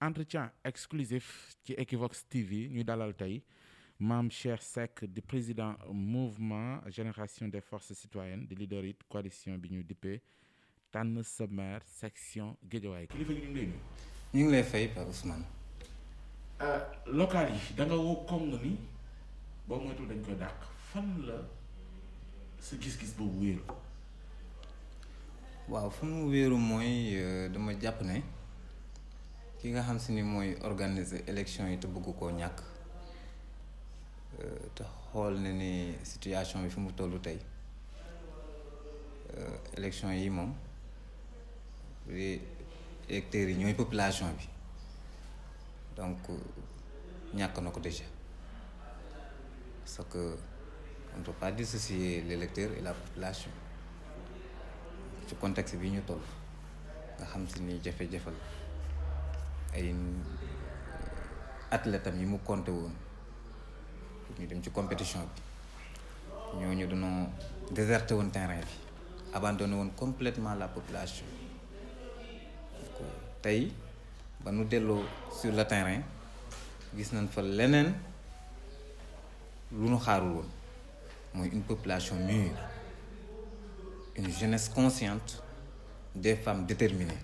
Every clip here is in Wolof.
entretien exclusif ci Equivox TV ñu dalal tey maam Cheikh sec di président mouvement génération de force citoyennes de leader it coalition bi ñu dippee tànn sa maire section Guédiawaye kilifa ñu ngi lay nuyu. ñu ngi lay fay par Ousmane. Euh, local yi da woo koŋ nga ni boo moytuwul dañ koy dàq fan la sa gis-gis boobu wéeru. waaw fu mu wéeru mooy euh, dama jàpp ne. ki nga xam si ni mooy organiser élection yi te bëgg koo ñàkk euh, te xool na ni situation bi fi mu tollu tey euh, élection yi moom électeurs yi ñooy population bi donc ñàkk na ko déjà parce que on ne peut pas dissocier et la population ci contexte bi ñu toll nga xam si ni jafe-jafe la ay athlètes am yi mu compté woon ñu dem ci compétition bi ñoo ñooñu dañoo déserté woon terrain bi abandonné woon complètement la population tey ba nu delloo sur le terrain gis nañ fa leneen lu nu xaarul woon mooy une population mûre une jeunesse consciente des femmes déterminées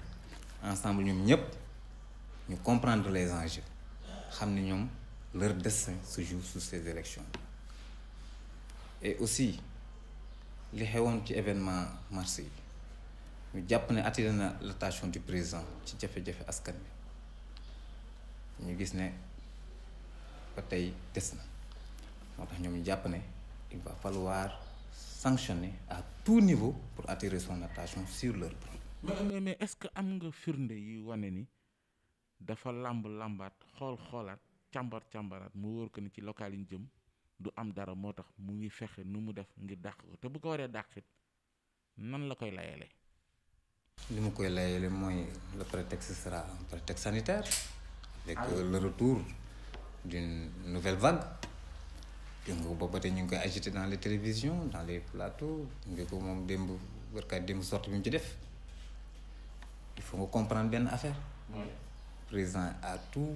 ensemble ñoom ñëpp. ñu comprendre les enjeux xam ne ñoom leur destin se joue su ces élections et aussi li xewoon ci événement mars yi ñu jàpp ne attiré na l'attention du président ci jafe-jafe askan bi ñu gis ne ba tey des na moo tax ñoom jàpp ne il va falloir sanctionner à tout niveau pour attirer son attention sur leur problème. mais est-ce que am nga firnde yi wane ni. dafa làmb làmbaat xool xoolaat càmbar càmbaraat mu wóor ko ni ci local ñu jëm du am dara moo tax mu ngi fexe nu mu def ngir dàq ko te bu ko waree dàqit nan la koy layale li mu koy layale mooy le prétexte sera un prétexte sanitaire avec euh, le retour d'une nouvelle vague dégg nga booba tey ñu ngi koy agité dans les télévisions dans les plateaux nga ko moom démb wërkaat démb sorte bi mu ci def il faut nga comprendre benn affaire présent à tout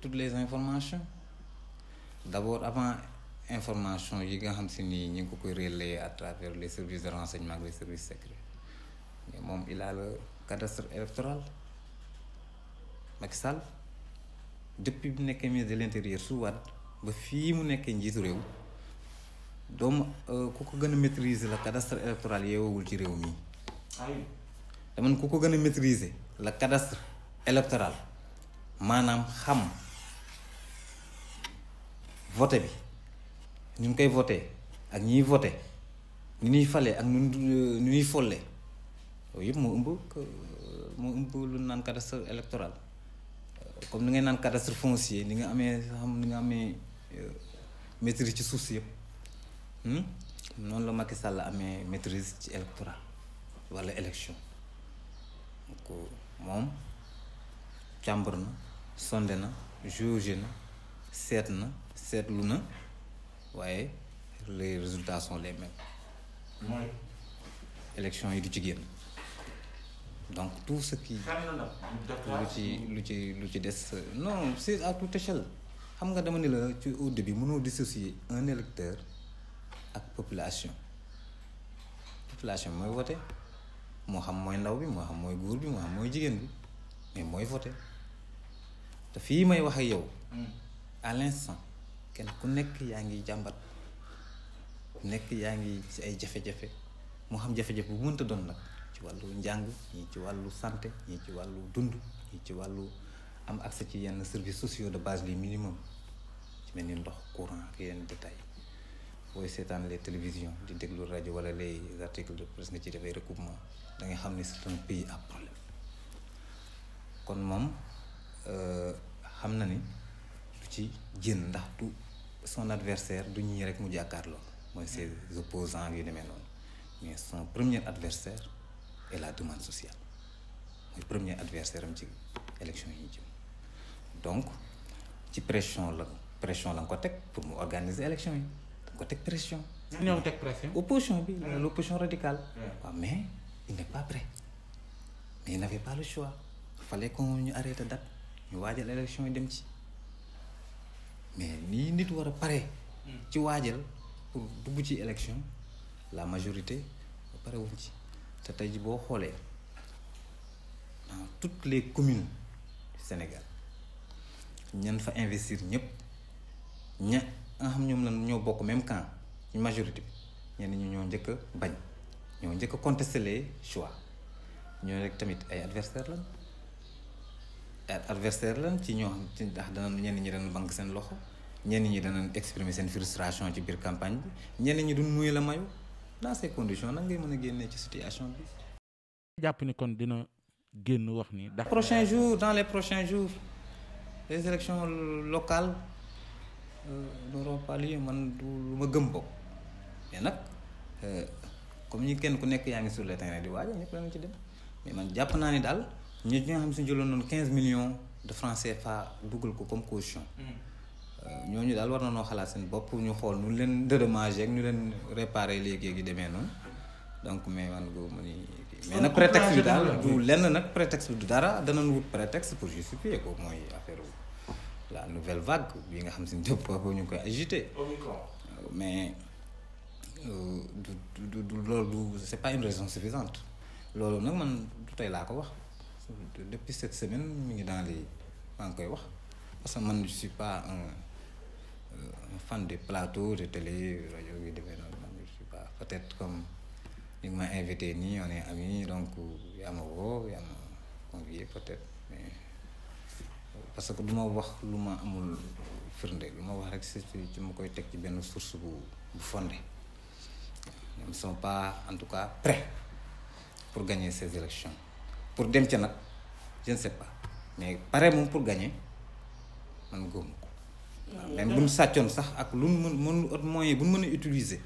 toutes les informations d'abord avant information yi nga xam si ni ñu ngi ko koy relayer à travers les services de renseignement ak les services secrets mais moom il a le cadastre électoral Macky Sall depuis bu nekkee ministre de l'intérieur su waat ba fii mu nekkee njiitu réew doomu euh, ku ko gën a maîtriser la cadastre électoral yeewul ci réew mi ah dama ne ku ko gën a maîtriser la cadastre électoral maanaam xam vote bi ñu ngi koy vote ak ñiy vote ñu ñuy falee ak ñu ñu ñuy folle yooyu yëpp moo ëmb moo ëmb lu naan cadastre électoral comme ni ngay naan cadastre foncier ni nga amee xam ni nga amee euh, maîtrise ci suuf si yëpp hmm? noonu la Macky Sall amee maîtrise ci électoral wala élection moom càmbar na sonde na jauge na seet na seetlu na waaye les résultats sont les mêmes mooy élection yi du jigéen donc tout ce qui lu ci lu ci lu ci des non c'est à toute échelle xam nga dama ne la ci au début mënoo dissocier un électeur ak population population mooy voté moo xam mooy ndaw bi moo xam mooy góor bi moo xam mooy jigéen bi mais mooy voté te fii may wax ak yow mm. à l'instant kenn ku nekk yaa ngi jàmbat nekk yaa ngi si ay jafe-jafe moo xam jafe-jafe bu mënta doon nag ci wàllu njàng ñii ci wàllu santé ñii ci wàllu dund ñii ci wàllu am accès ci yenn services sociaux de base li minimum ci mel ni ndox courant ak yenn détail booy seetaan les télévisions di déglu rajo wala les articles de presse nga ci def ay recoupement da nga xam ni c'est un pays à problème kon moom xam na ni du ci génn ndax du son adversaire du ñuy rek mu jàkkaarloo mooy ses opposants yu demee noonu mais son premier adversaire est la demande sociale mooy premier adversaire am ci élection yi donc ci pression la pression la nga ko teg pour mu organiser élection yi danga ko teg pression ñoo teg pression opposition bi l'opposition radicale waaw mais il n'est pas prêt mais il n'avait pas le choix fallait qu'on ñu arrêté date ñu waajal élection yi dem ci mais nii nit war a pare ci waajal pour dugg ci élection la majorité pare wuñ ci te tey ji boo xoolee dans toutes les communes Sénégal ñan fa investir ñëpp ña nga xam ñoom la ñoo bokk même camp ci majorité bi ñenn ñu ñoo njëkk a bañ ñoo njëkk a contester les choix ñoo rek tamit ay adversaires la adversaire lan ci ñoo xam ci ndax danañ ñenn ñi danañ bank seen loxo ñenn ñi danañ exprimé seen frustration ci biir campagne bi ñenn ñi duñ muy la mayu dans ces conditions nag ngay mën a génnee ci situation bi. jàpp ni kon dina génn wax nii ndax prochain jour dans les prochains jours les élections locales euh, n'auront pas man du ma gëm bokk mais nag euh, comme ñi kenn ku nekk yaa ngi sur le terrain di waajal ñëpp danañ ci dem mais man jàpp naa ni daal. ñi nga xam si jëloon noonu quinze millions de francs CFA dugal ko comme caution. Mm. Euh, ñooñu daal war na noo xalaat seen bopp ñu xool nu leen dédommagé ak ñu leen réparé léegi gi demee noonu donc mais man boobu ma ni. mais nag prétexte bi daal du lenn nag prétexte bi du dara danañ wut prétexte pour justifier ko mooy affaire la nouvelle vague bi nga xam si ne boobu ñu koy agité. Euh, mais euh, du du du loolu c'est pas une raison suffisante loolu nag man du tey laa ko wax. depuis cette semaine mu ngi dans maa ngi koy wax parce que man je suis pas un, euh, un fan de plateau de télé rajo bi demee noonu man je suis pas peut-être comme ñu ma invité nii on est amis donc euh, yaa ma woo yaa ma convié peut-être mais euh, parce que du ma wax lu ma amul firnde lu ma wax rek si ci ma koy teg ci benn source bu bu fondé ñoom sont pas en tout cas prêts pour gagner ces élections pour dem ca nag je ne sais pas mais pare moom pour gagner man góomu ko. waaw mm. même bu ñu sàccoon sax ak lu mu mën mën moyen bu ñu mën a utiliser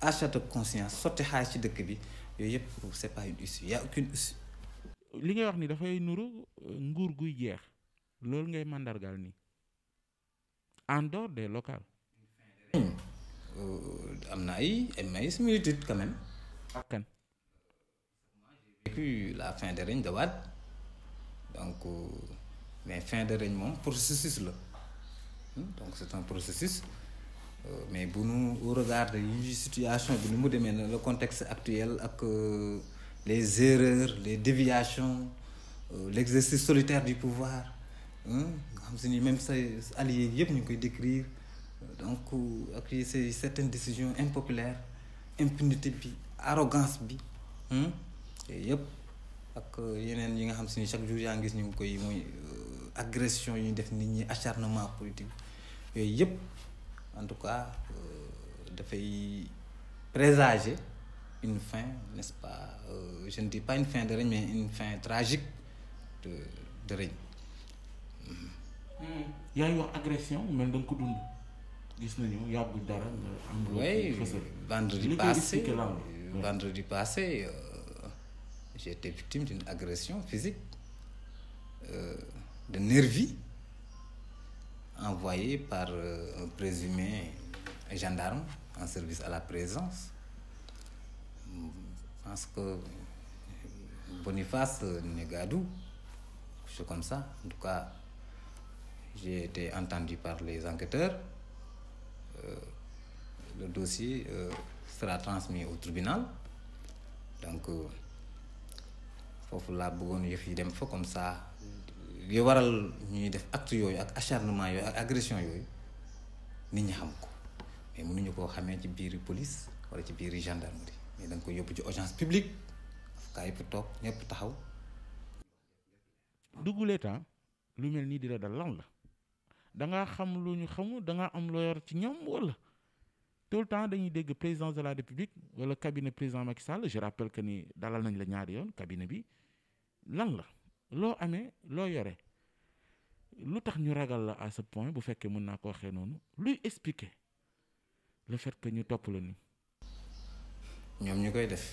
achat de conscience sotti xaalis ci dëkk bi yooyu yëpp c'est pas une issue li ngay wax nii dafay nuru euh, nguur guy jeex loolu ngay màndargal nii en dor des locales. Euh, am na ay ay similitudes quand même. vécu la fin de règne de Wade donc euh, mais fin de règne moom processus la hmm, donc c'est un processus euh, mais bu nu regarde yi situation bi nu mu demee na le contexte actuel ak euh, les erreurs les déviations l'exercice solitaire du pouvoir hmm, nga xam si ni même say alliés yëpp ñu koy décrire donc ak ces certaines décisions impopulaires impunité bi arrogance bi hmm. yooyu yëpp ak yeneen yi nga xam si ni chaque jour yaa ngi gis ñu ngi koy muy euh, agression yu ñu def nit ñi acharnement politique yooyu yëpp en tout cas euh, dafay présager une fin n'est-ce pas euh, je une fin de mais une fin tragique de de règne. Hmm. yaa ngi wax agression mel da ko dund gis nañu yàggul dara nga am. vendredi passé vendredi passé. j'ai été victime d'une agression physique euh, de nervis envoyé par euh, un présumé gendarme en service à la présence. Je pense que Boniface Negadou, quelque chose comme ça. En tout cas, j'ai été entendu par les enquêteurs. Euh, le dossier euh, sera transmis au tribunal. Donc, euh, foofu laa bëggoon yëf yi dem fa comme ça li waral ñuy def acte yooyu ak acharnement yooyu ak agression yooyu nit ñi xam ko mais mënuñu koo xamee ci biir police wala ci biir gendarmerie mais da nga koy yóbbu ci audience publique afka yëpp toog ñëpp taxaw duggulee temps lu mel nii dira la dal lan la dangaa xam lu ñu xamul dangaa am loo yor ci ñoom wala tout le temps dañuy dégg président de la république wala cabinet président Macky Sall je rappelle que ni dalal nañ la ñaari yoon cabinet bi lan la loo amee loo yore lu tax ñu ragal la à ce point bu fekkee mën naa ko waxee noonu luy expliquer le fait que ñu topp la nii. ñoom ñu koy def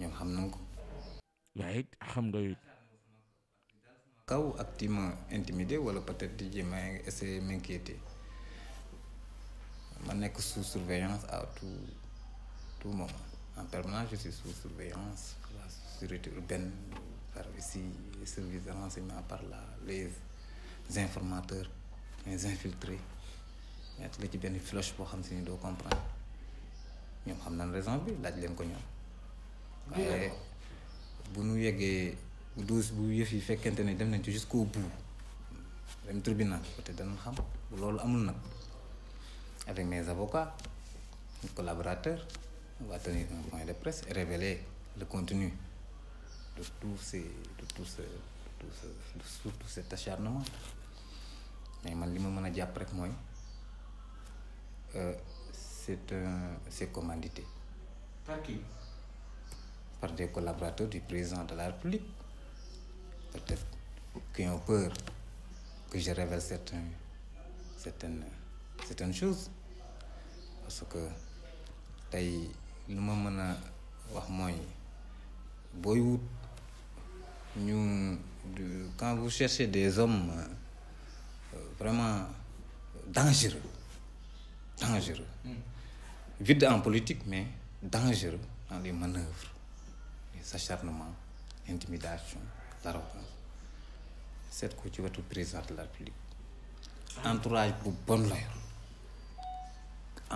ñoom xam nañ ko. waaye xam nga it. kaw activement intimidé wala peut-être di jéem a essayer m'inquiéter ma nekk sous surveillance à tout tout moment en permanence je suis sous surveillance la sécurité urbaine. par si les services de renseignement par là, les informateurs, les infiltrés. mettre la ci benn flèche boo xam si ni doo comprendre ñoom xam nañ raison bi laaj leen ko ñoom. bu nu yeggee douze bu yëf yi fekkente ne dem nañ ci jusqu'au bout dem tribunal peut-être danañ xam loolu amul nag avec mes avocats mes collaborateurs on va tenir point de presse et révéler le contenu. de tout ces de tout ce de tout ce surtout cet acharnement mais man li ma mën a jàpp rek mooy euh, c'est un c'est commandité. par qui? par des collaborateurs du président de la République peut-être qui ont peur que je révèle certains certaines certaines choses parce que tey lu ma mën a wax mooy booy wut. ñu quand vous cherchez des hommes euh, vraiment dangereux dangereux hmm. vide en politique mais dangereux dans les manœuvres les acharnements l'intimidation l'arrogance seet ko ci wetu président de la République ah. entourage bu bon la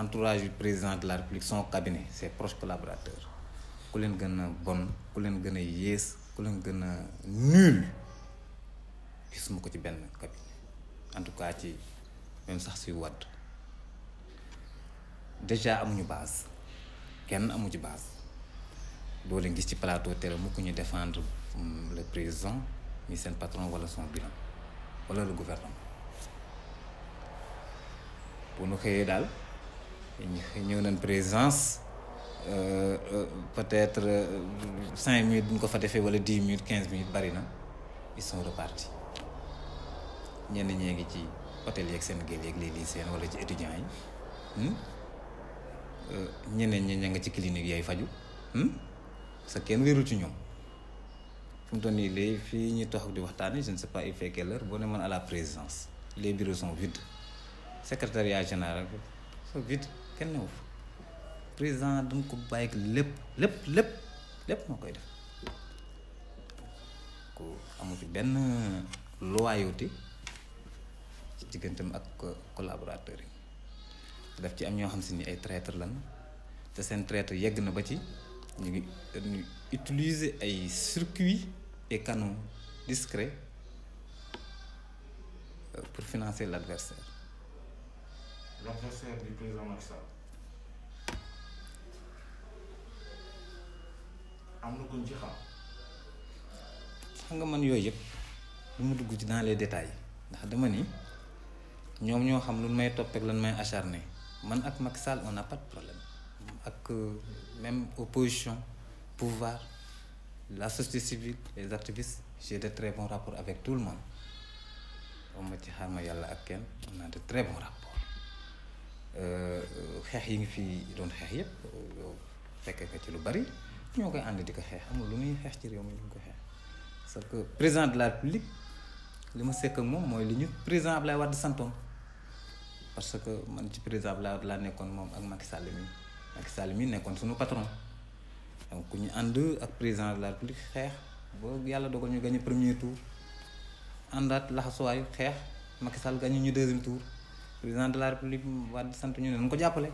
entourage du président de la République son cabinet ses proches collaborateurs ku leen gën a bon ku leen gën a yées ku la gën a nul gisuma ko ci benn cabinet en tout cas ci même sax suy wadd déjà amuñu baas kenn amu ci base doo leen gis ci plateau télé mukk ñu défendre le président ni seen patron wala son bilan wala le gouvernement bu nu xëyee daal ñëw nañ présence euh, Euh, peut-être euh, cinq minutes bu ko fa defee wala dix minutes quinze minutes bari na ils sont repartis ñenn ñee ngi ci hôtel yeeg seen géej yeeg les lycéens wala ci étudiants yi hmm? euh, ñeneen ñi ña nga ci clinique yaay faju parce hmm? que kenn wéeru ci ñoom fu mu toll nii léegi fii ñu taxaw di waxtaan je ne sais pas il fait quelle heure ne demoon à la présidence les bureaux sont vides secrétariat général sont vides kenn newu président dama ko bàyyi lépp lépp lépp lépp moo koy def ko amu fi benn loyauté ci digganteem ak collaborateurs yi def ci am ñoo xam si ni ay traître lan te seen traître yegg na ba ci ñu ngi utiliser ay circuits et canaux discrets euh, pour financer l'adversaire l'adversaire am na kuñ xam. nga man yooyu yëpp lu mu dugg ci dans les détails ndax dama ni ñoom ñoo xam lu may topp lan may acharné man ak mag Sall on n'a pas problème ak euh, même opposition pouvoir la société civile les activistes j'ai de très bons rapports avec tout le monde om ma ci xaar ma yàlla ak kenn on a de très bons euh, xeex yi ngi fi doon xeex yëpp fekkee nga ci lu bari ñoo koy ànd di ko xeex amul lu muy xeex ci réew mi lu ngi ko xeex parce que président de la république li ma sekk ak moom mooy li ñu président Ablaye Wade santoon parce que man ci président Ablaye Wade laa nekkoon moom ak Macky Sall mi Sall mi nekkoon suñu patron donc ñu ànd ak président de la république xeex boo yàlla dogal ñu gagné premier tour àndaat laxasuwaayu xeex Macky Sall gagné ñu deuxième tour président de la république Wade sant ñu ne ko jàppale.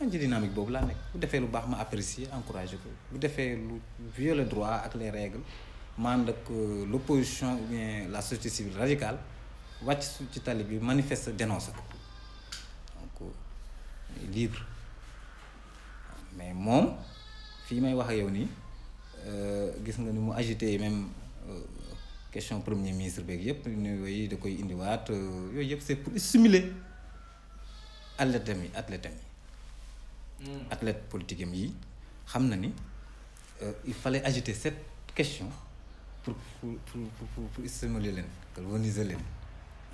man ci dynamique boobu laa nekk bu defee lu baax ma apprécier encourage ko bu defee lu viole droit ak les règles man ak euh, l' opposition la société civile radicale wàcc su ci tali bi manifeste dénoncé ko donc euh, libre mais moom fii may wax ak yow nii euh, gis nga ni mu agité même question premier ministre beeg yépp yooyu da koy indiwaat yooyu yëpp c'est pour stimuler athlètes yi athlètes yi Mm. athlète politique am yi xam na ni euh, il fale agité cette question pour pour pour pour pour leen galvaniser leen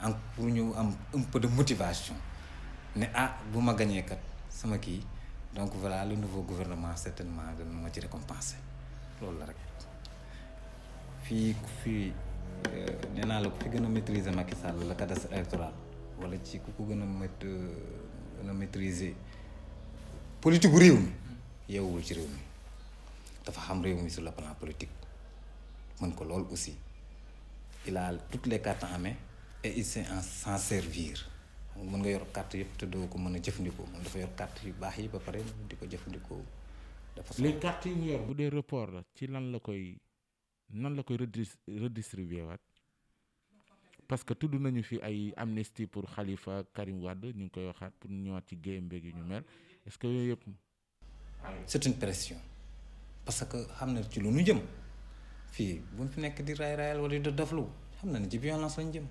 en pour ñu am un peu de motivation ne ah bu ma gañee kat sama kii donc voilà le nouveau gouvernement certainement dana ma ci récompenser loolu la rek fii ku fi euh, naa la ku fi gën a maîtriser Macky Sall la cadastre électoral wala ci ku ko gën a mét euh, a maîtriser politique bu réew mi yeewul ci réew mi dafa xam réew mi sur le plan politique mën ko lool aussi il a toutes les cartes en main et il sait en servir mën nga yor carte yëpp te doo ko mën a jëfandikoo moom dafa yor carte yu baax yi ba pare di ko jëfandikoo. dafa les cartes yi mu yor bu dee report la ci lan la koy nan la koy redistribuer waat parce que tudd nañu fi ay amnistie pour Khalifa Karim Wade ñu ngi koy waxaat pour ñëwaat ci géej mbéy gi ñu mel. est-ce que yooyu yëpp. parce que xam na ci lu nu jëm fii bu fi nekk di raay raayal wala di doflu xam na ne ci violence lañ jëm.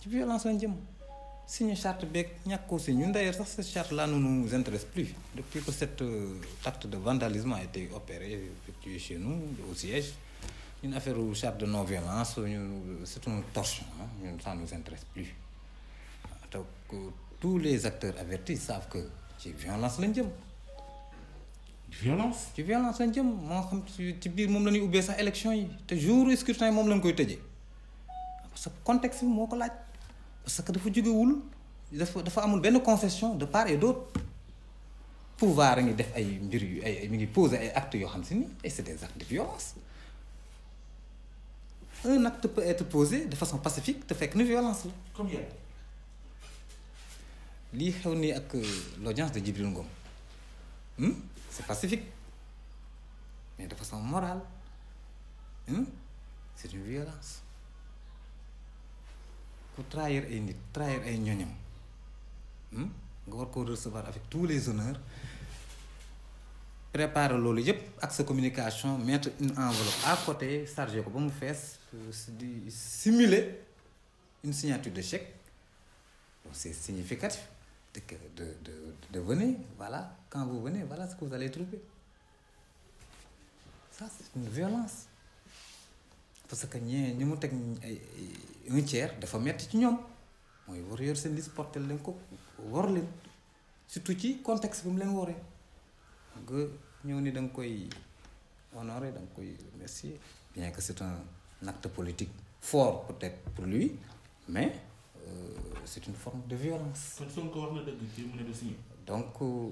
ci violence lañ jëm. suñu charte beeg ñàkkoo si ñun d'ailleurs sax cette charte là ne nous intéresse plus depuis que cet euh, de vandalisme a été opéré effectué chez nous au siège une affaire charte de non violence euh, ñu c'est une torsion ñun ça intéresse plus euh, tous les acteurs avertis savent que ci violence lañ jëm. violence. ci violence lañ jëm moo xam ci biir moom la ñuy ubbee sax élection yi te jour scrutin yi moom lañ koy tëjee parce que contexte moo ko laaj parce que dafa jógewul dafa dafa amul benn concession de part et d'autre pouvoir a ngi def ay mbir yu ay mi ngi poser ay actes yoo xam si ni e c'est des actes de violence un acte peut être posé de façon pacifique te fekk ni violence la. comme lii xew nii ak euh, l'audience de Djibril Ngom hmm? c'est pacifique mais de façon morale hmm? c'est une violence ku trahir ay nit trahir ay ñoñam hmm? nga war koo recevoir avec tous les honneurs préparer loolu yëpp ak sa communication mettre une enveloppe à côté chargé ko ba mu fees euh, di simuler une signature de chèque donc c'est significatif de, de, de, de venir, voilà, quand vous venez, voilà ce que vous allez trouver. Ça, c'est une violence. Parce que ñee ñu mu teg eh, un tiers dafa metti ci ñoom mooy war yor seen liste portel ko war leen surtout ci contexte bi mu leen waree nga ñëw ni da nga koy honoré da nga koy remercier bien que c'est un acte politique fort peut pour lui mais Euh, c'est une forme de violence. kon Sonko wax na dëgg ci donc euh,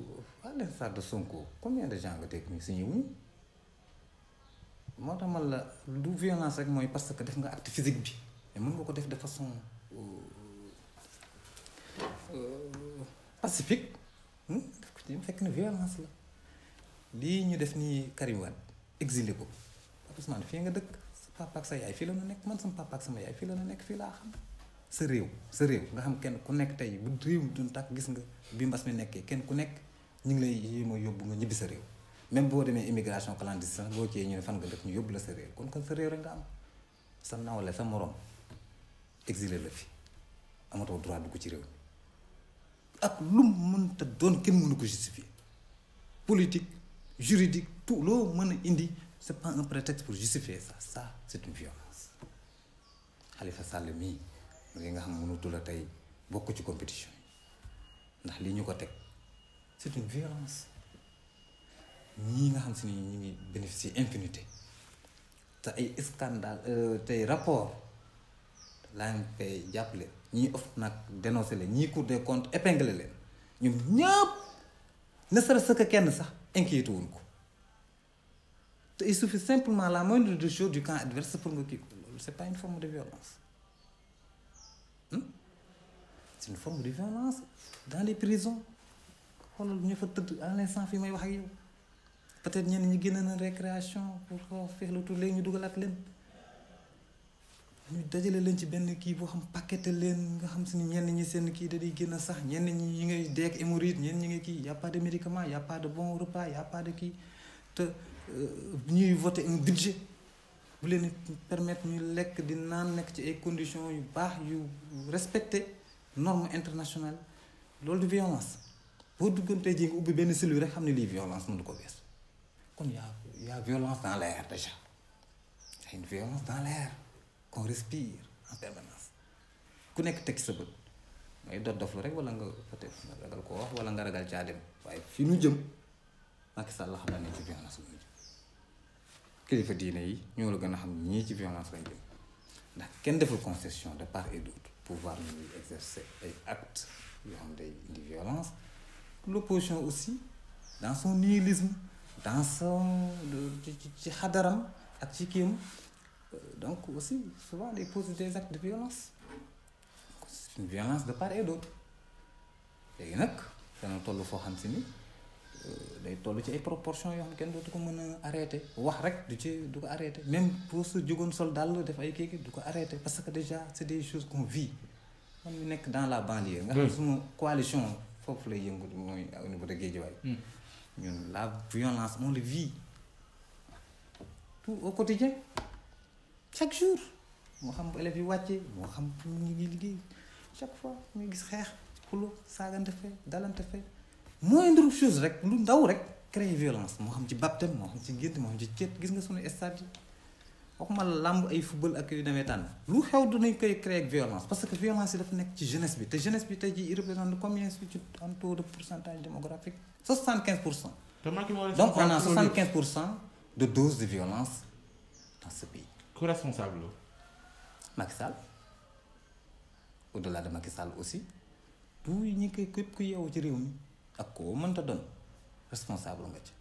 à l'instar de Sonko combien de gens nga teg ñu signé wuñu moo la du violence rek mooy parce que def nga acte bi mais mën nga ko def de façon euh, pacifique hmm? def ko ci fekk na violence la lii ñu def nii Karim Wade ko Ousmane fii nga dëkk sa papa yaay fii la na nekk man sama papa sama yaay fii la na nekk fii laa xam. sa réew sa réew nga xam kenn ku nekk tey bu réew mi doon tàkk gis nga bi mbas mi nekkee kenn ku nekk ñu ngi lay yéem a yóbbu nga ñibbi sa réew même boo demee immigration clandestine sax boo cee ñu ne fan nga dëkk ñu yóbbu la kon kon sa réew rek sa nawle sa la fi amatoo droit ci réew mi ak lu mënta doon kenn mënu ko justifier politique juridique tout loo mën a indi c'est pas un prétexte pour justifier ça ça c'est une violence Khalifa Sall mii ba nga xam mënutu la tey bokk ci compétition yi ndax li ñu ko teg c'est une violence ñii nga xam si ni ñu ngi bénéficier impunité te ay scandale euh, tey rapport l'AMP jàppale ñii of nag dénoncé leen ñii Cour des comptes épinglé leen ñoom ñëpp ne serait-ce que kenn sax inquiété wuñ ko te il suffit simplement la moindre des choses du camp adverse pour nga kii ko loolu c'est pas une forme de violence c'est une forme de violence dans les prisons xoolal ñu fa tëdd à l'instant fi may wax ak yow peut-être ñenn ñi génne na récréation pour xaw fexlu tout léegi ñu dugalaat leen ñu dajale leen ci benn kii boo xam paqueté leen nga xam si ni ñenn ñi seen kii da di génn sax ñenn ñi ñi ngay deeg hémorroïde ñenn ñi ngay kii y a pas de médicament y a pas de bon repas y de kii te euh, ñuy voter un budget bu leen permettre ñu lekk di naan nekk ci ay conditions yu baax yu respecté norme internationale loolu du violence boo duggantee ji nga ubbi benn cellule rek xam ne lii violence du ko wees kon y a y a violence dans l'air déjà y a une violence dans l'air qu'on respire en permanence ku nekk teg sa bët mooy dof dof lu rek wala nga peut-être nga ragal koo wax wala nga ragal caa dem waaye fi nu jëm Macky la xam naa ne ci violence la jëm kilifa diine yi ñoo la gën a xam ñii ci violence lañ jëm ndax kenn deful concession de part et d'autre pouvoir ñuy exercer ay actes yoo xam day indi violence l'opposition aussi dans son nihilisme dans son ci xadaram ak ci kiim euh, donc aussi souvent day poser des actes de violence c'est une violence de part et d'autre léegi nag dana toll foo xam si ni Euh, day toll ci ay proportion yoo xam kenn dootu ko mën a arrêté wax rek du ci du ko arrêté même pour su jógoon sol daal def ay kii du ko arrêté parce que déjà c' est des choses qu'on vit man mi nekk dans la banlieue nga xam hmm. suma coalition foofu lay yëngu mooy au niveau de Guédiawaye hmm. ñun la violence on le vit tout au quotidien chaque jour moo xam bu élèves yi wàccee moo xam ñu ngi liggéey chaque fois ñu gis xeex xulo saagante fe dalante fe moindre chose rek lu ndaw rek créer violence moo xam ci baptême moo xam ci ngénte moo xam ci ceet gis nga sunu stade yi waxuma la làmb ay football ak yu demee tànn lu xew que violence yi dafa nekk ci jeunesse bi te tey jii il représente combien su ci en taux de pourcentage démographique 75 pour cent de dose de violence dans ce pays ku responsable la de Macky Sall aussi du ñi koy képp ku yeewu ci réew mi ak koo mënta doon responsable nga ci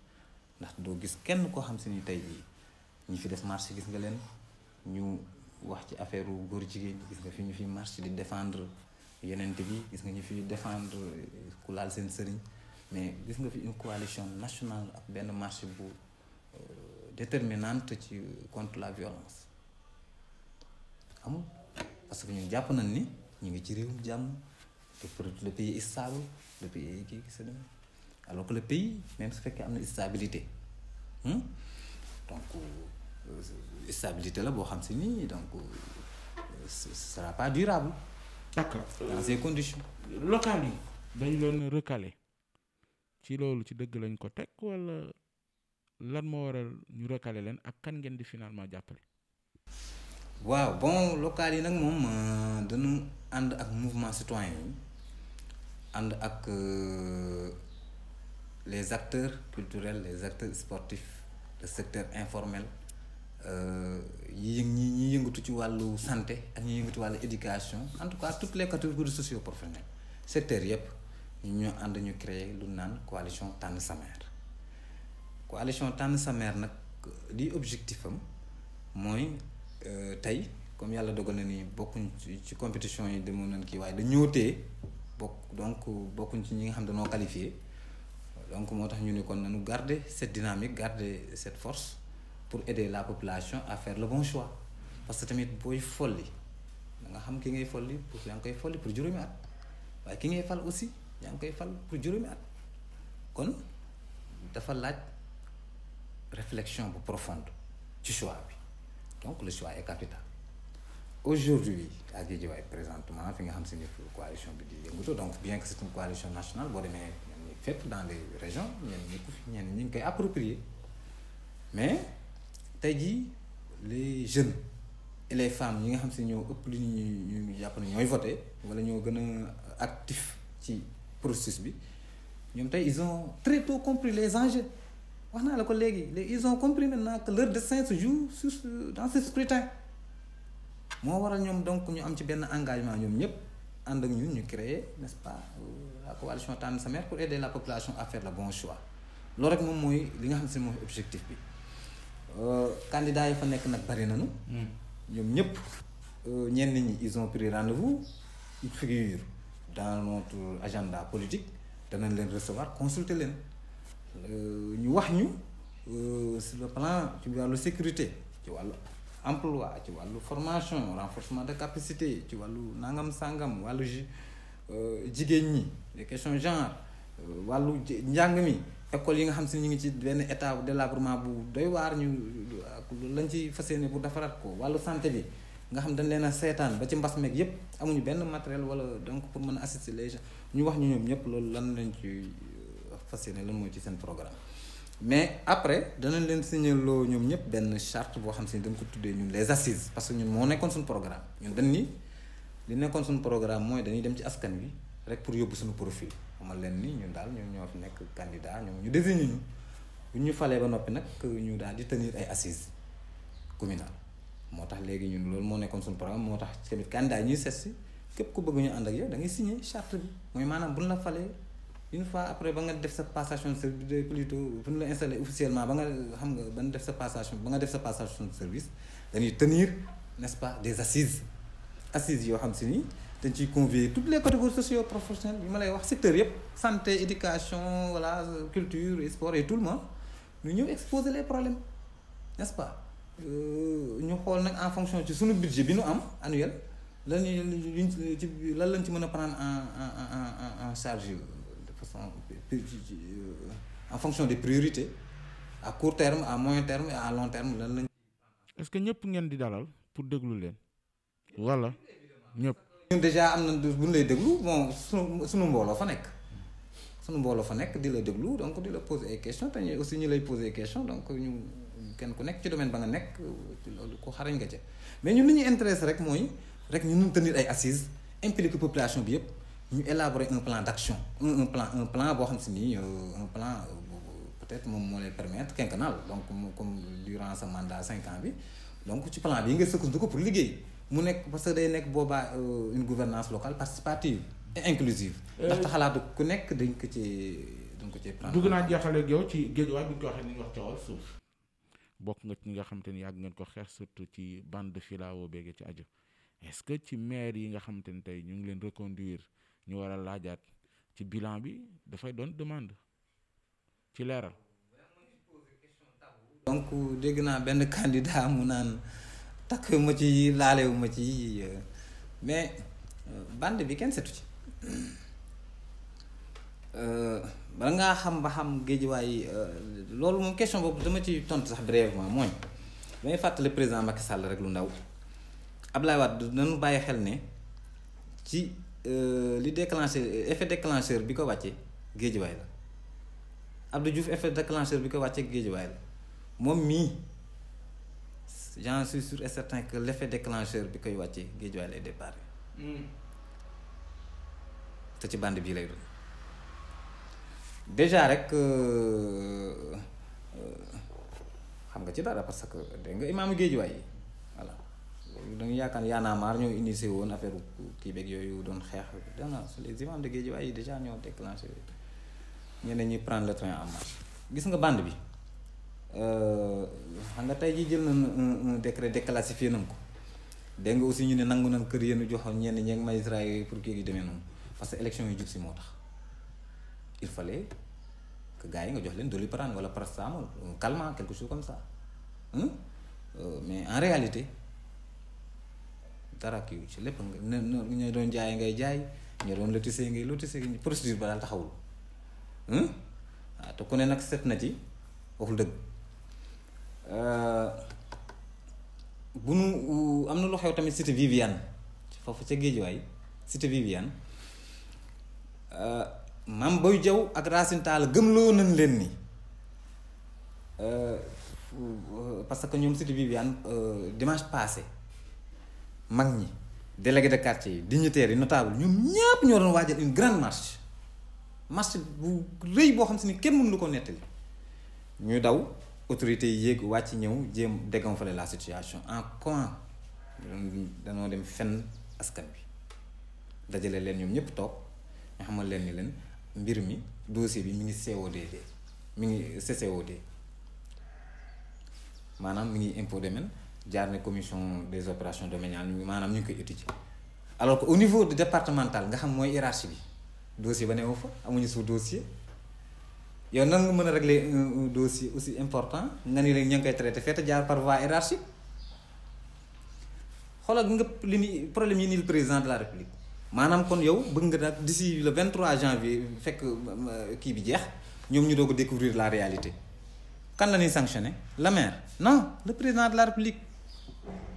ndax doo gis kenn koo xam si ni tey jii ñi fi def marche gis nga leen ñu wax ci affaire góor jigéen gis nga fi ñu fi marche di défendre yenente bi gis nga ñu fi défendre ku laal seen sëriñ mais gis nga fi une coalition nationale ak benn marche bu euh, déterminante ci contre la violence amul parce que ñu jàpp nañ ni ñu ngi ci réewum jàmm le pays est le pays est kii gis alors que hmm? euh, la boo xam si nii donc euh, ce sera pas durable. d'accord dans euh, yi. dañ leen recalé ci loolu ci dëgg lañ ko teg wala lan moo waral ñu recalé leen ak kan ngeen di finalement jàppale. waaw bon locales yi nag moom dañu ànd ak mouvement citoyen yi. ànd ak euh, les acteurs culturels les acteurs sportifs le secteur informel euh, yi ñi ñi yëngatu ci wàllu santé ak ñi yëngatu wàllu en tout cas toutes les catégories socio-professionnelles secteurs yëpp ñoo ànd ñu créer lu naan coalition tànn sa maire coalition tànn sa maire nag li objectif am mooy euh, tey comme yàlla dogal na nii bokkuñ ci compétition yi demoon nañ kii waaye da tee bokk donc bokkuñ ci ñi nga xam dañoo qualifié donc moo tax ñu ne kon nañu garder cette dynamique garder cette force pour aider la population affaire le bon choix parce que tamit booy folli da nga xam ki ngay folli pour yaa ngi koy folli pour juróomi at waaye ki ngay fal aussi yaa ngi koy fal pour juróomi at kon dafa laaj réflexion bu profonde ci choix bi donc le choix est capital. aujourd'hui à Guédiawaye présentement fi nga xam si ne coalition bi di yëngatu donc bien que c'est une coalition nationale boo demee ñu fépp dans les régions ñenn ñi ngi koy approprier mais tey jii les jeunes et les femmes yi nga xam si ñoo ëpp lu ñu ñu jàpp na ñooy voté wala ñoo gën a actif ci processus bi ñoom tey ils ont très tôt compris les enjeux wax naa la ko léegi ils ont compris maintenant que leur destin se joue sur dans ce scrutin moo waral ñoom donc ñu am ci benn engagement ñoom ñëpp ànd ak ñun ñu créer nest pas la coalition Tànn sa maire pour aider la population à faire le bon choix loolu rek moom mooy li nga xam si mooy objectif bi euh, candidats yi fa nekk nag bari nañu. Hmm. ñoom ñëpp euh, ñenn ñi ils ont pris rendez-vous ils figurent dans notre agenda politique danañ leen recevoir consulter leen euh, ñu wax ñu sur le plan ci wàllu sécurité ci wàllu. emploi ci wàllu formation renforcement de capacité ci wàllu nangam sangam wàllu euh, jigéen ñi les questions genre euh, wàllu njàng mi école yi nga xam si ñu ngi ci benn état délabrement bu doy waar ñu lañ ci fas yéene pour defaraat ko wàllu santé bi nga xam dañ leen a seetaan ba ci mbas meeg yëpp amuñu benn matériel wala donc pour mën a assister les ñu wax ñu ñoom ñëpp loolu lan lañ ci euh, fas yéene mooy ci seen programme mais après danañ leen signaloo ñoom ñëpp benn charte boo xam si dañ ko tuddee ñun les assises parce que ñun moo nekkoon suñu programme ñun dañ ni li nekkoon suñu programme mooy dañuy dem ci askan rek pour yóbbu suñu profil xamal leen ni ñun daal ñun ñoo fi nekk candidat ñoom ñu désigné ñu bu ñu falee ba noppi nag ñu daal di tenir ay assises communales moo tax léegi ñun loolu moo nekkoon suñu programme moo tax tamit candidat ñuy seet si képp ku bëgg ñu ànd ak yow da ngay signé bi mooy maanaam bu la falee. une fois après ba nga def sa passation de service plutôt fu nga xam nga ba nga def de service dañuy tenir n'est-ce pas des assises assises yoo xam si ni dañ ciy convier toutes les catégories socio-professionnelles yi ma lay wax secteur yëpp santé éducation voilà culture et sport et tout le monde ñu ñëw exposer les problèmes n'est-ce pas euh, ñu xool nag en fonction ci suñu budget bi ñu am annuel lan lañ ci lan lañ ci mën a prendre en en en en charge Euh, en fonction de priorité à court terme à moyen terme et à long terme lan lañ. est-ce que ñëpp ngeen di dalal pour déglu leen. wala ñëpp. ñun déjà am na bu ñu lay déglu bon sunu sunu mbooloo fa nekk sunu mbooloo fa nekk di la déglu donc di la poser ay questions te ñu aussi ñu lay poser ay questions donc ñu kenn ku nekk ci domaine ba nga nekk loolu ko xarañ nga ca mais ñun li ñu intéresse rek mooy rek ñu nu tenir ay assises impliquer population bi yëpp. ñu élaborer un plan d' action un plan boo xam si nii euh, un plan euh, peut-être moom moo lay permettre quinquennal donc comme durant sa mandat cinq ans bi donc ci plan bi nga sukkandiku pour liggéey mu nekk parce que day nekk boobaa euh, une gouvernance locale participative et inclusive. ndax taxalaatu ku nekk dañ ko ci dañ ko ci naa ci géej waay bokk nga ci ñi nga xam te ni yàgg ngeen ko xeex surtout ci bande de filao beeg ci aju est-ce que ci maire yi nga xam te ni tey ñu ngi leen reconduire. ñu war a laajaat ci bilan bi dafay doon demande ci leeral. donc dégg naa benn candidat mu naan takk ma ci laalewu ma ci mais euh, bande bi kenn setu ci euh, bala ngaa xam ba xam géejuwaay euh, loolu moom question boobu dama ci tontu sax brièvement mooy damay fàttali président Macky Sall rek lu ndaw Abdoulaye Wade nañu bàyyi xel ne ci. Euh, li déclencheur effet déclencheur bi ko wàcce géejuwaay la Abdou Diouf effet déclencheur bi ko wàcce géejuwaay la moom mii j'en suis sûr et certain que l'effet déclencheur bi koy wàcce géejuwaay lay départ hmm. te ci bande bii lay doon déjà rek euh, euh, xam nga ci dara parce que dégg nga imaamu géejuwaay yi voilà da nga yaakaar yaanaamaar ñoo initié woon affaire kii beeg yooyu doon xeex dana les imams de Guédiawaye déjà ñoo déclenché ñeneen ñi prendre le train am marche gis nga bande bi euh, xam nga tey jii jël na un décret déclassifié nañ ko dégg nga aussi ñu ne nangu nañ kër yéen jox ñenn ñeeg magistrat yi pour kii gi demee noonu parce que élection yu jub si moo tax il fallait que gars yi nga jox leen Doliprane wala paracetamol calmant quelque chose comme ça euh, mais en réalité. dara kii ci lépp nga ñu doon jaay ngay jaay ñu doon lotissé ngay lotissé procédure ba daal taxawul waaw ah, te ku ne nag set na ci waxul dëgg euh, bu nu euh, am na lu xew tamit cité Viviane foofu ca Géejawaay cité Viviane euh, Mame Boye Diao ak Racine Talla gëmloo nañ leen ni parce que ñoom cité Viviane dimanche passé mag ñi délégué de quartier yi dignitaires yi notable ñoom ñépp ñoo doon waajal une grande marche marche bu rëy boo xam si ni kenn mënu lu ko nettali ñu daw autorités yi yéeg wàcc ñëw jéem dégonfler la situation en coin danoo dem fenn askan bi dajale leen ñoom ñëpp toog nga xamal leen ni leen mbir mi dossier bi mi ngi COD mi ngi CCOD maanaam mi ngi impôt domaine jaar na commission des opérations domaniales maanaam ñu ngi koy étudier alors que au niveau du nga xam mooy hiérarchie bi dossier ba ne newoo fa amuñu suuf dossier yow nan nga mën a régler un dossier aussi important nga ni léegi ñu ngi koy traité fekk jaar par voie hiérarchique xoolal nga li ni problème yi nii le président de la république maanaam kon yow bëgg nga daal d'ici le 23 janvier fekk euh, kii bi jeex ñoom ñu doo ko découvrir la réalité kan la ñuy sanctionné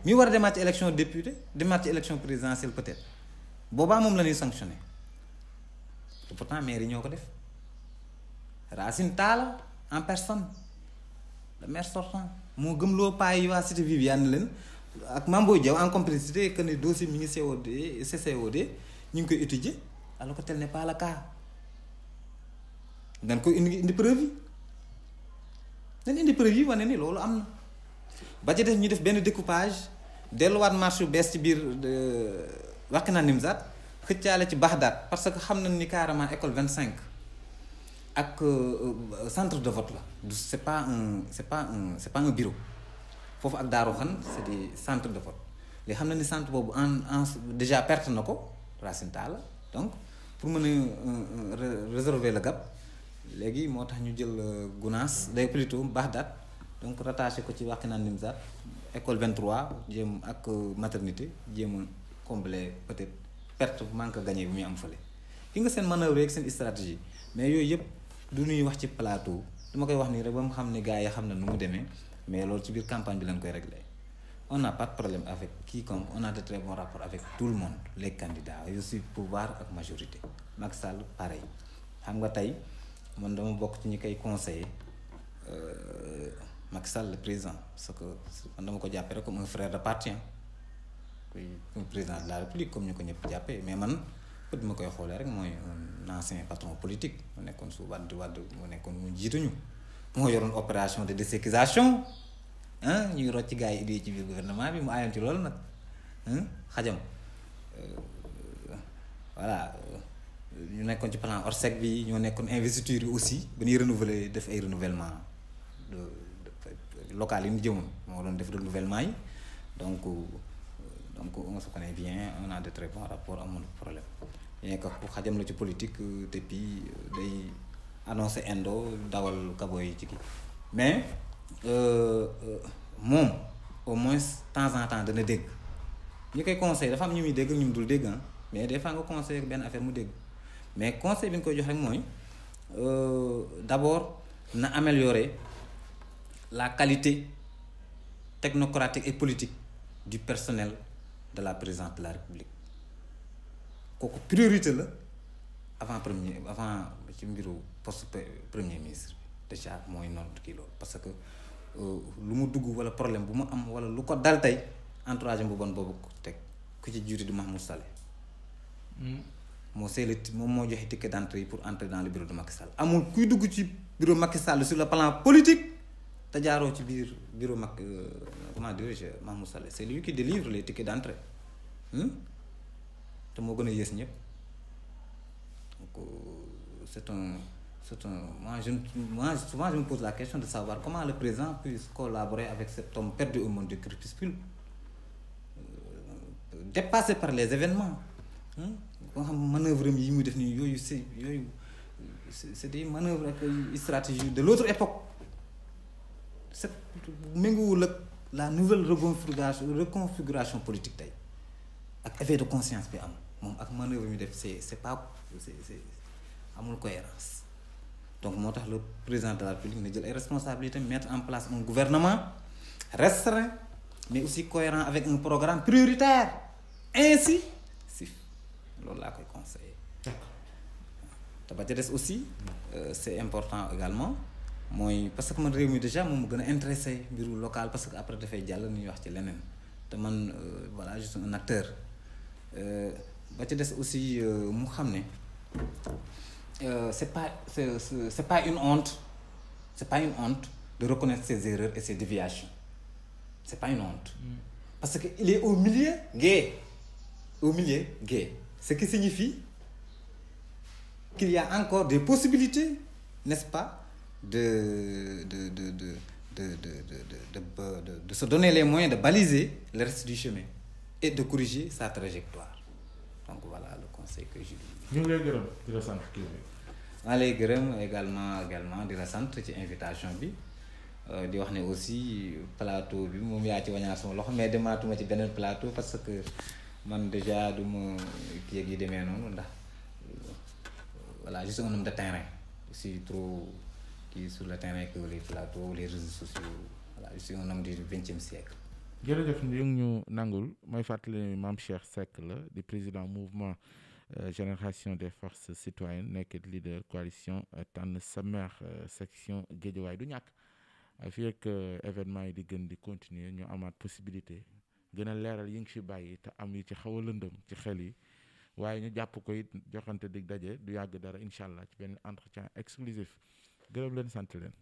ñu war a demaat ci élection député demaat ci élection présidentielle peut-être boobaa moom la ñuy sanctionné te pourtant maire ñoo ko def Racine Talla en personne le maire moo gëm loo paay yi waa cité Viviane leen ak Mame Boye Diao en complicité que ne mi ngi COD CCOD ñu ngi koy étudier alors que tel n'est pas le cas dañ ko indi indi preuve yi dañ indi preuve yi wane ni loolu am na ba ci def ñu def benn découpage delluwaat marche yu bees ci biir Wakhinane Nimzatt xëccaale ci Bagdad parce que xam nañ ni carrément école 25 ak euh, euh, centre de vote la du est pas un c' est pas un un bureau foofu ak Daaru Xan c' est des de vote li xam na ni centre boobu en en déjà perte na ko Racine Talla la donc pour mën a euh, réserver le gap léegi moo tax ñu jël Gounass day plutôt Bagdad donc rattaché ko ci Wakhinane Nimzatt école 23 jéem ak euh, maternité jéem a combler peut-être perte manque gagné bi muy am fële. ki nga seen manœuvre ak seen stratégie mais yooyu yëpp du ñuy wax ci plateau dama koy wax nii rek ba mu xam ne gars yi xam na nu mu demee mais loolu ci biir campagne bi lañ koy réglé. on n'a pas de problème avec quiconque on a de très bons rapports avec tout le monde les candidats je suis pouvoir ak majorité Macky Sall pareil xam nga tey man dama bokk ci ñi koy conseiller. Euh, Macky Sall président parce que man dama ko jàppee rek comme un de parti président de la république comme ñu ko ñëpp jàppee mais man bët ma koy xoolee rek mooy un ancien patron politique mu nekkoon su wàdd wàdd moo nekkoon mu jiituñu moo yoroon opération de désécurisation ah ñuy rocc gars yi idée ci biir gouvernement bi mu aayoon ci loolu nag xajam euh, voilà euh, ñu nekkoon ci plan Orsec bi ñoo nekkoon investiture yi aussi ba ñuy renouveler def ay renouvellement locales yi ñu jëmoon moo doon def renouvellement yi donc euh, donc on se connaît bien on a de très bons rapports amul problème bien que xajam la ci politique depuis euh, euh, day annoncé indo dawal kabo yi ci kii mais moom au moins temps en temps dana dégg ñu koy conseil dafa am ñu muy dégg ñu dul dégg ah mais des fois nga conseil benn affaire mu dégg mais conseil bi ñu koy jox rek mooy d'abord na améliorer la qualité technocratique et politique du personnel de la présidence de la république kooku priorité la avant premier avant ci mbiru poste premier ministre déjà mooy noonu kii loolu parce que euh, lu mu dugg wala problème bu mu am wala lu ko dal tey entourage bu bon boobu teg ku ci jiitu di Mahmoud Saleh hmm. moo seeli moom moo joxe ticket d'entrée pour entrer dans le bureau de Macky Sall amul kuy dugg ci bureau Macky Sall sur le plan politique te jaaroo ci biir bureau mag euh, comment dirais-je Mahmoud Saleh c'est lui qui délivre les tickets d'entrée hmm? te moo gën a yées ñëpp donc euh, c'est un c'est un moi souvent je pose la question de savoir comment le président puisse collaborer avec cet homme perdu au monde du crépuscule euh, dépassé par les événements hmm? koo xam manœuvre yi muy def nii yooyu c'est yooyu c'est des manœuvres ak stratégie de l'autre époque c'est méngoowul ak la nouvelle reconfiguration reconfiguration politique tey ak effet de conscience bi am moom ak manœuvre ñu def c'est c'est pas c'est c'est amul cohérence donc moo tax le président de la République na jël ay responsabilité mettre en place un gouvernement restreint mais aussi cohérent avec un programme prioritaire ainsi si loolu laa koy conseiller. d'accord te ba ca des aussi euh, c'est important également mooy parce que man réew mi déjà moom mu gën a intéressé mbiru local parce que après dafay jàll ñuy wax ci leneen te man euh, voilà je suis un acteur euh, ba ca des aussi euh, mu xam ne c'est pas pas une honte c'est pas une honte de reconnaître ses erreurs et ses déviations c'est pas une honte mm. parce que il est au millier gay au milieu gay ce qui signifie qu'il y encore des possibilités n'est-ce pas de, de, de, de, de, de, de, de, se donner les moyens de baliser le reste et de corriger sa trajectoire. Donc voilà le conseil que je lui donne. Nous lay gërëm également également di la sant ci invitation bi di wax ne aussi plateau bi moom yaa ci wañaar sama loxo mais demaatuma ci beneen plateau parce que man déjà du ma kii yi demee noonu ndax voilà juste un homme de terrain c'est trop qui est sur le terrain que les plateaux les réseaux sociaux voilà je suis un homme siècle jërëjëf ñu ñu nangul mooy fàttali Mame Cheikh Seck la di président mouvement euh, génération des forces citoyennes nekk leader coalition euh, tànn samer euh, section Guédiawaye du ñàkk fii ak événement yi di gën di continuer ñu amaat possibilité gën leeral yi ngi fi bàyyi te am yi ci xaw a lëndëm ci xel yi waaye ñu jàpp ko it joxante dig daje du yàgg dara incha allah ci benn entretien exclusif gërëm leen sant leen